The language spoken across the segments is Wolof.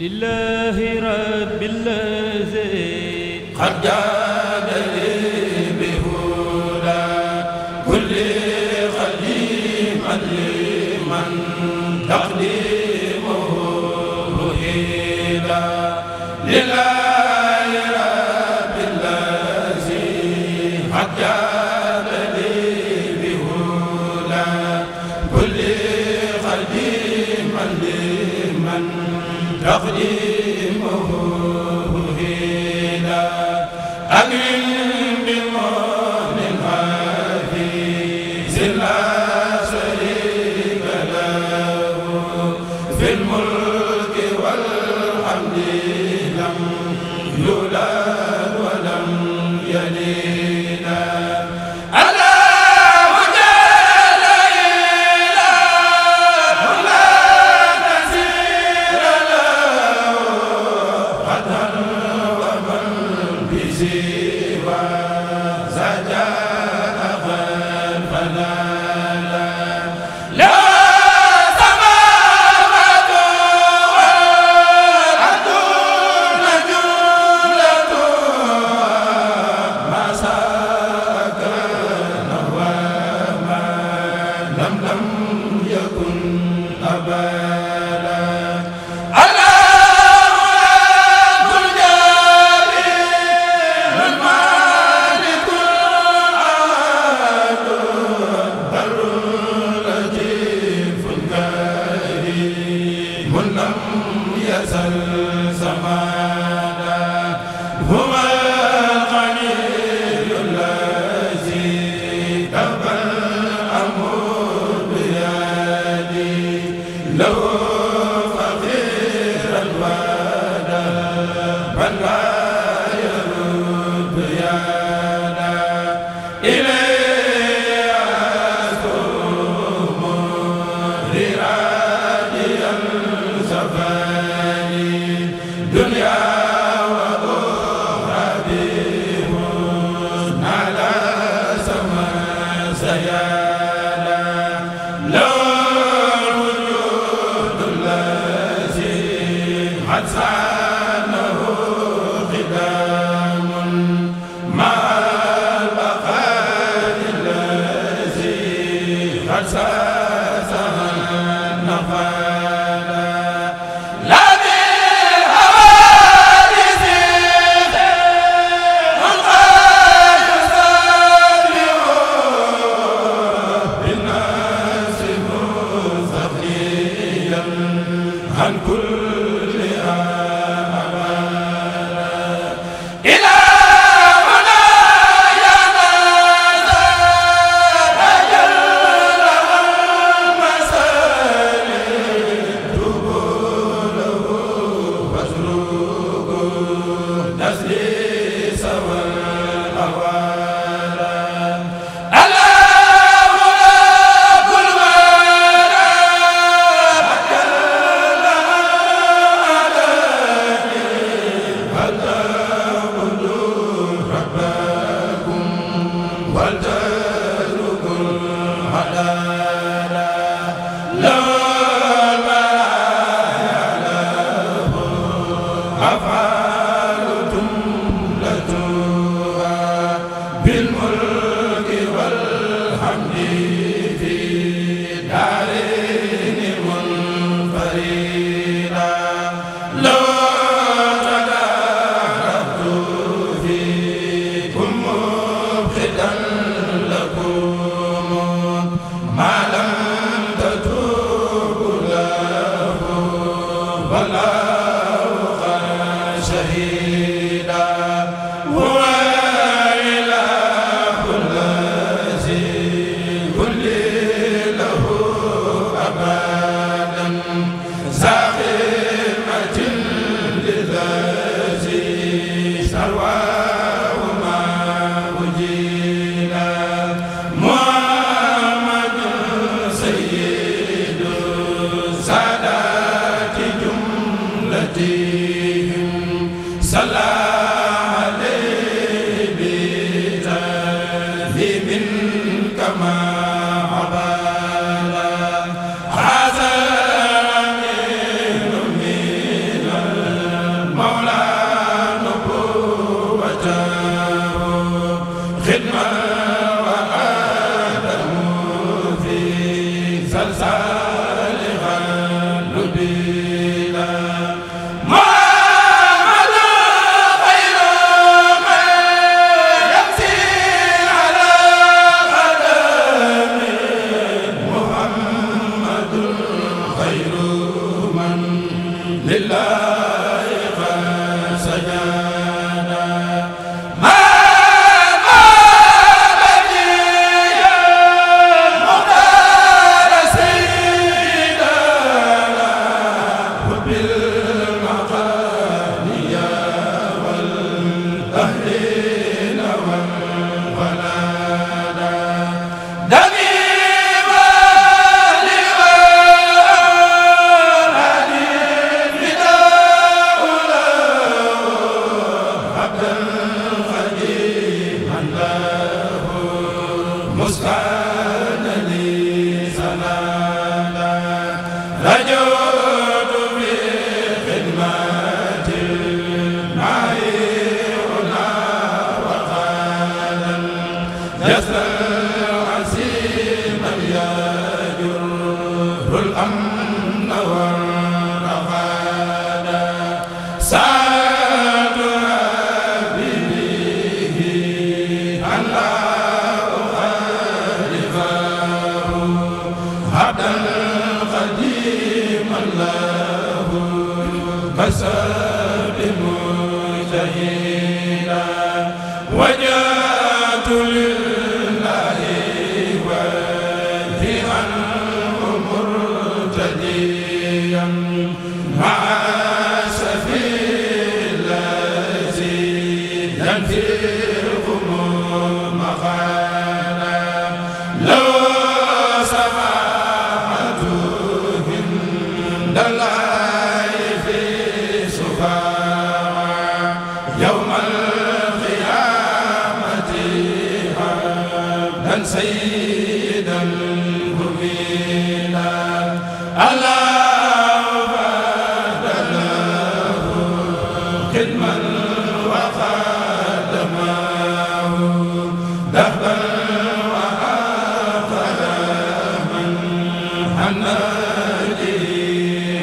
لله رب الذي قد Amin فتى ومن بزين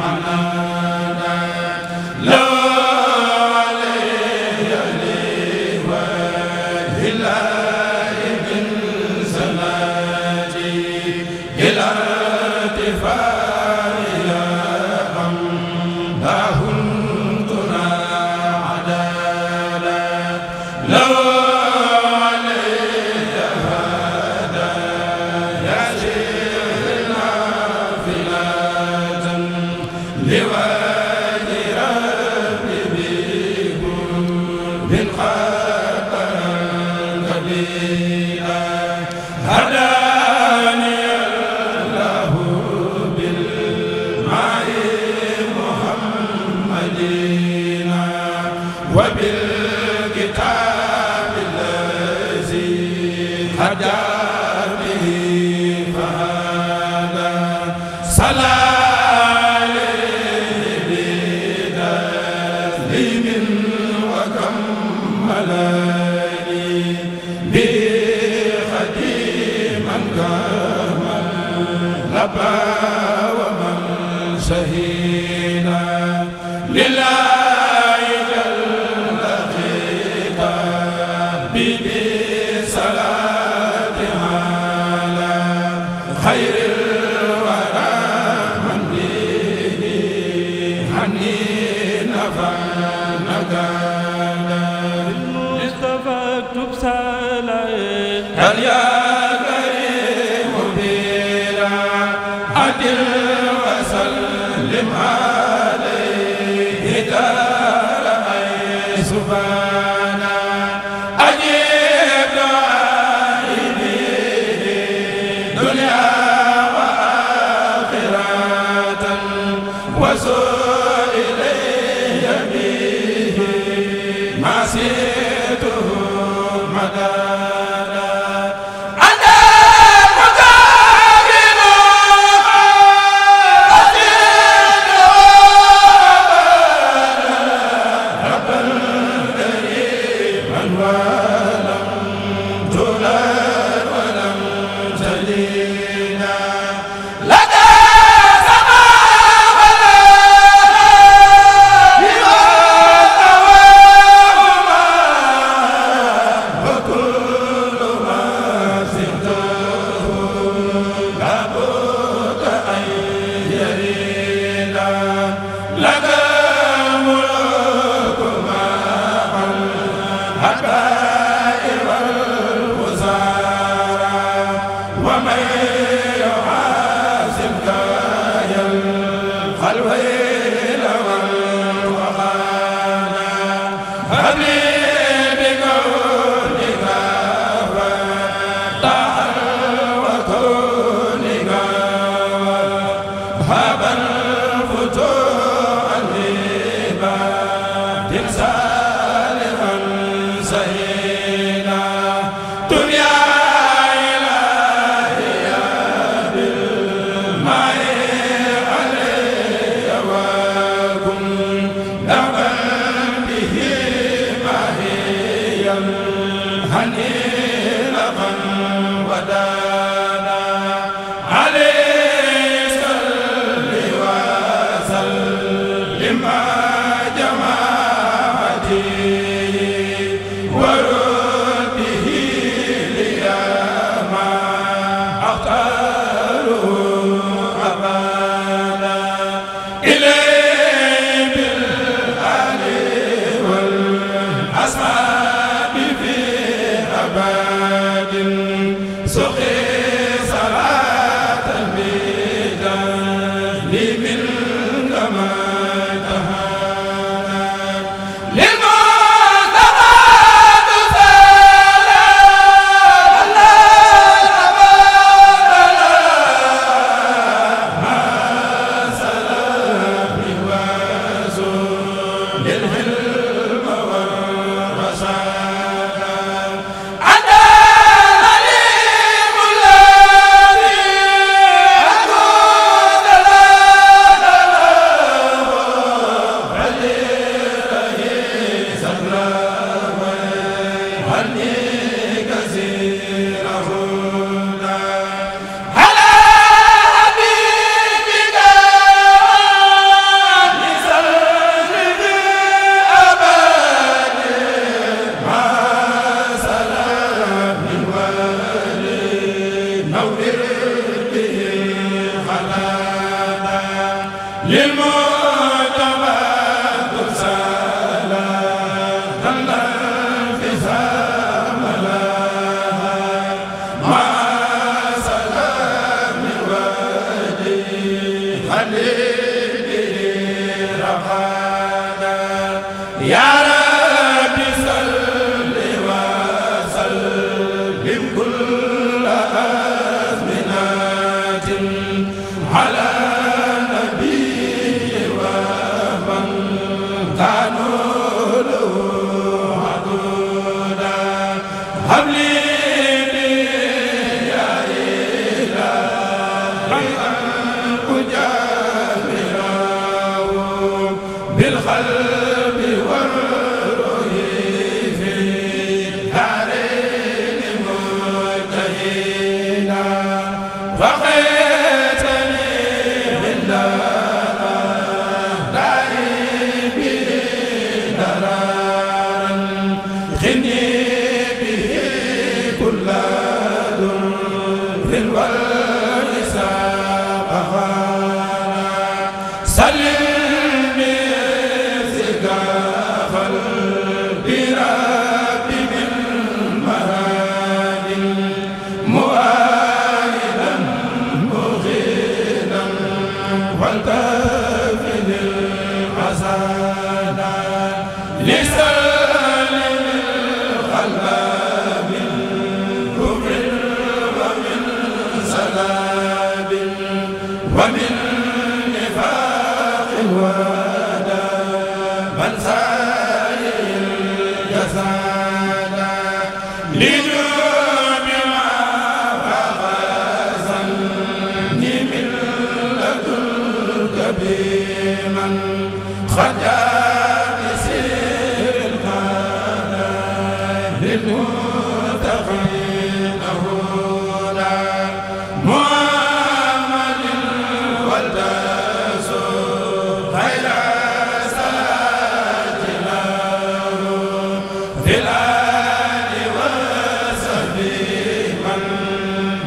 ana li wa yaa se Amen man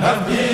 la